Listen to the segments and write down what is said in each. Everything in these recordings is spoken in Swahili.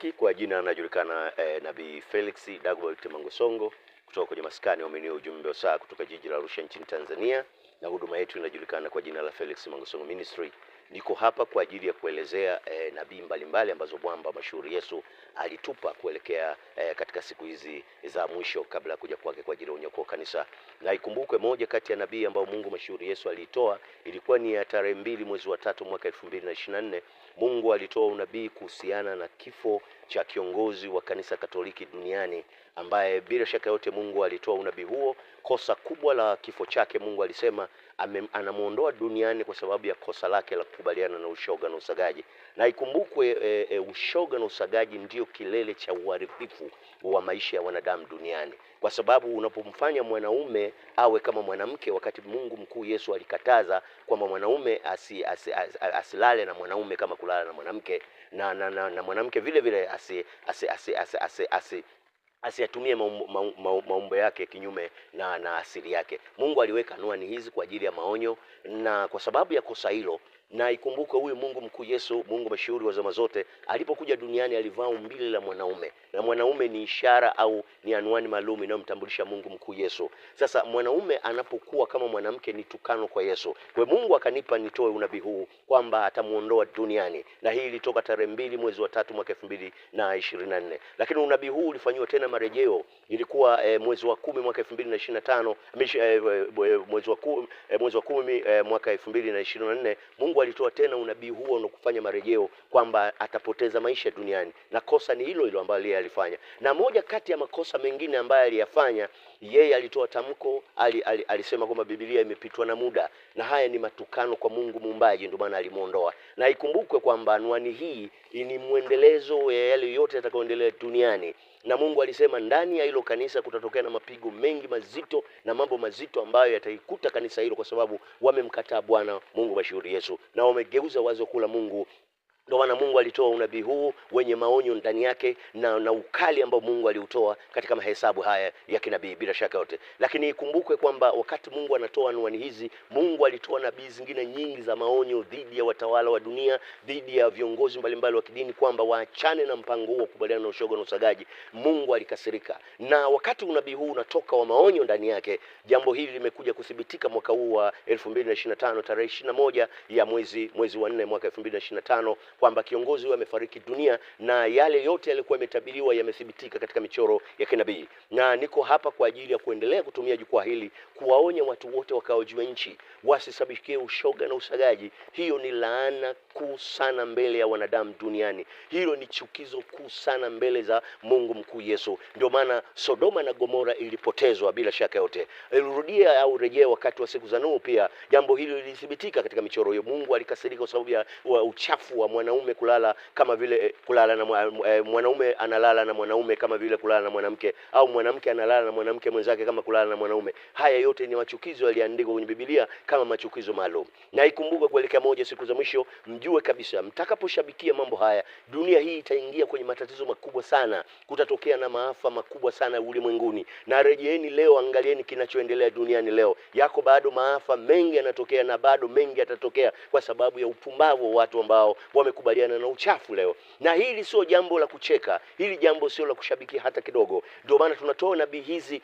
Mashariki, kwa jina anajulikana eh, Nabii Felix Dagobert Mangosongo kutoka kwenye maskani waumini ujumbe wa saa kutoka jiji la Arusha nchini Tanzania, na huduma yetu inajulikana kwa jina la Felix Mangosongo Ministry. Niko hapa kwa ajili ya kuelezea eh, nabii mbalimbali ambazo bwamba mashuhuri Yesu alitupa kuelekea eh, katika siku hizi za mwisho kabla ya kuja kwake kwa ajili ya unyakuo kanisa. Na ikumbukwe moja kati ya nabii ambayo Mungu mashuhuri Yesu aliitoa ilikuwa ni ya tarehe mbili mwezi wa tatu mwaka elfu mbili na ishirini na nne. Mungu alitoa unabii kuhusiana na kifo cha kiongozi wa kanisa Katoliki duniani ambaye bila shaka yote Mungu alitoa unabii huo kosa kubwa la kifo chake, Mungu alisema anamwondoa duniani kwa sababu ya kosa lake la kukubaliana na ushoga na usagaji. Na ikumbukwe e, e, ushoga na usagaji ndiyo kilele cha uharibifu wa maisha ya wanadamu duniani, kwa sababu unapomfanya mwanaume awe kama mwanamke, wakati Mungu mkuu Yesu alikataza kwamba mwanaume asi, asi, asi, asilale na mwanaume kama kulala na mwanamke na, na, na, na mwanamke vile vile asi, asi, asi, asi, asi, asi, asi asiyatumie maumbo, yake kinyume na, na asili yake. Mungu aliweka anwani hizi kwa ajili ya maonyo, na kwa sababu ya kosa hilo na ikumbuke huyu Mungu mkuu Yesu, Mungu mashuhuri wa zama zote, alipokuja duniani alivaa umbile la mwanaume, na mwanaume ni ishara au ni anwani maalum inayomtambulisha Mungu mkuu Yesu. Sasa mwanaume anapokuwa kama mwanamke ni tukano kwa Yesu. Kwa Mungu akanipa nitoe unabii huu kwamba atamuondoa duniani, na hii ilitoka tarehe mbili mwezi wa tatu mwaka elfu mbili na ishirini na nne lakini unabii huu ulifanyiwa tena marejeo, ilikuwa eh, mwezi wa kumi mwaka elfu mbili na ishirini na tano eh, eh, eh, mwezi wa kumi, mwezi wa kumi mwaka elfu mbili na ishirini na nne Mungu alitoa tena unabii huo na kufanya marejeo kwamba atapoteza maisha duniani, na kosa ni hilo hilo ambalo yeye alifanya, na moja kati ya makosa mengine ambayo aliyafanya yeye alitoa tamko, alisema kwamba Biblia imepitwa na muda na haya ni matukano kwa Mungu Muumbaji, ndio maana alimwondoa. Na ikumbukwe kwamba anwani hii ni mwendelezo ya yale yote yatakayoendelea duniani na Mungu alisema ndani ya hilo kanisa kutatokea na mapigo mengi mazito na mambo mazito ambayo yataikuta kanisa hilo, kwa sababu wamemkataa Bwana Mungu mashuhuri Yesu, na wamegeuza wazo kula Mungu ndio maana Mungu alitoa unabii huu wenye maonyo ndani yake na, na ukali ambao Mungu aliutoa katika mahesabu haya ya kinabii bila shaka yote. Lakini ikumbukwe kwamba wakati Mungu anatoa anwani hizi, Mungu alitoa nabii zingine nyingi za maonyo dhidi ya watawala wa dunia, dhidi ya viongozi mbalimbali wa kidini kwamba waachane na mpango huo wa kubaliana na ushoga na usagaji. Mungu alikasirika, na wakati unabii huu unatoka wa maonyo ndani yake, jambo hili limekuja kuthibitika mwaka huu wa 2025 tarehe 21 ya mwezi mwezi wa 4 mwaka 2025 kwamba kiongozi huyo amefariki dunia na yale yote yalikuwa yametabiriwa yamethibitika katika michoro ya kinabii. Na niko hapa kwa ajili ya kuendelea kutumia jukwaa hili kuwaonya watu wote wakaojiwa nchi wasisabikie ushoga na usagaji. Hiyo ni laana kuu sana mbele ya wanadamu duniani. Hilo ni chukizo kuu sana mbele za Mungu mkuu Yesu. Ndio maana Sodoma na Gomora ilipotezwa bila shaka yote. Ilirudia au rejea wakati wa siku za Nuhu, pia jambo hilo lilithibitika katika michoro hiyo. Mungu alikasirika kwa sababu ya uchafu wa mwana mwanaume kulala kama vile eh, kulala na eh, mwanaume analala na mwanaume kama vile kulala na mwanamke, au mwanamke analala na mwanamke mwenzake kama kulala na mwanaume. Haya yote ni machukizo yaliandikwa kwenye Biblia kama machukizo maalum, na ikumbuke kuelekea moja siku za mwisho, mjue kabisa mtakaposhabikia mambo haya, dunia hii itaingia kwenye matatizo makubwa sana, kutatokea na maafa makubwa sana ulimwenguni. Na rejeeni leo, angalieni kinachoendelea duniani leo, yako bado maafa mengi yanatokea na bado mengi yatatokea kwa sababu ya upumbavu wa watu ambao wame kukubaliana na uchafu leo, na hili sio jambo la kucheka, hili jambo sio la kushabiki hata kidogo. Ndio maana tunatoa nabii hizi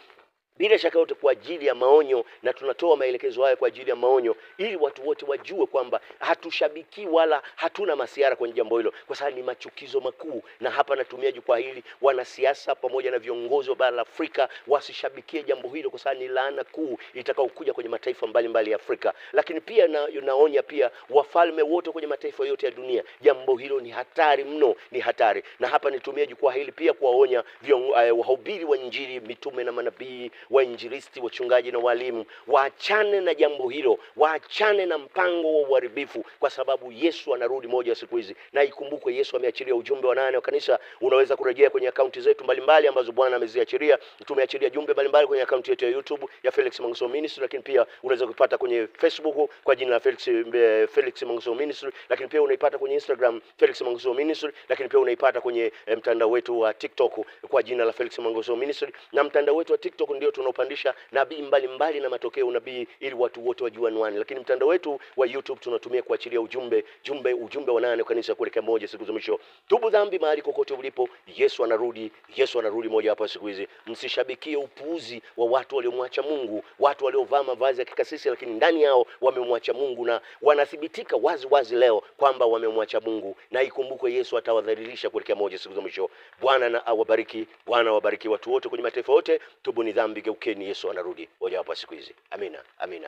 bila shaka yote kwa ajili ya maonyo, na tunatoa maelekezo haya kwa ajili ya maonyo, ili watu wote wajue kwamba hatushabiki wala hatuna masiara kwenye jambo hilo, kwa sababu ni machukizo makuu. Na hapa natumia jukwaa hili, wanasiasa pamoja na viongozi wa bara la Afrika wasishabikie jambo hilo, kwa sababu ni laana kuu itakaokuja kwenye mataifa mbalimbali mbali ya Afrika. Lakini pia na, naonya pia wafalme wote kwenye mataifa yote ya dunia, jambo hilo ni hatari mno, ni hatari. Na hapa nitumia jukwaa hili pia kuwaonya uh, wahubiri wa Injili, mitume na manabii wainjilisti, wachungaji na walimu waachane na jambo hilo, waachane na mpango wa uharibifu, kwa sababu Yesu anarudi moja ya siku hizi. Na ikumbukwe, Yesu ameachilia ujumbe wa nane wa kanisa. Unaweza kurejea kwenye akaunti zetu mbalimbali ambazo Bwana ameziachilia. Tumeachilia jumbe mbalimbali kwenye akaunti yetu ya YouTube ya Felix Mangso Ministry, lakini pia unaweza kupata kwenye Facebook kwa jina la Felix, eh, Felix Mangso Ministry, lakini pia unaipata kwenye Instagram Felix Mangso Ministry, lakini pia unaipata kwenye eh, mtandao wetu wa TikTok kwa jina la Felix Mangso Ministry, na mtandao wetu wa TikTok ndio tunaopandisha nabii mbalimbali na matokeo unabii, ili watu wote wajue anwani. Lakini mtandao wetu wa YouTube tunatumia kuachilia ujumbe jumbe ujumbe wa nane kanisa kuelekea moja siku za mwisho. Tubu dhambi mahali kokote ulipo, Yesu anarudi. Yesu anarudi moja hapa siku hizi. Msishabikie upuuzi wa watu waliomwacha Mungu, watu waliovaa mavazi ya kikasisi, lakini ndani yao wamemwacha Mungu na wanathibitika wazi wazi leo kwamba wamemwacha Mungu, na ikumbukwe Yesu atawadhalilisha kuelekea moja siku za mwisho. Bwana na awabariki. Bwana awabariki watu wote kwenye mataifa yote. ni dhambi. Geukeni, Yesu anarudi mojawapo siku hizi. Amina, amina.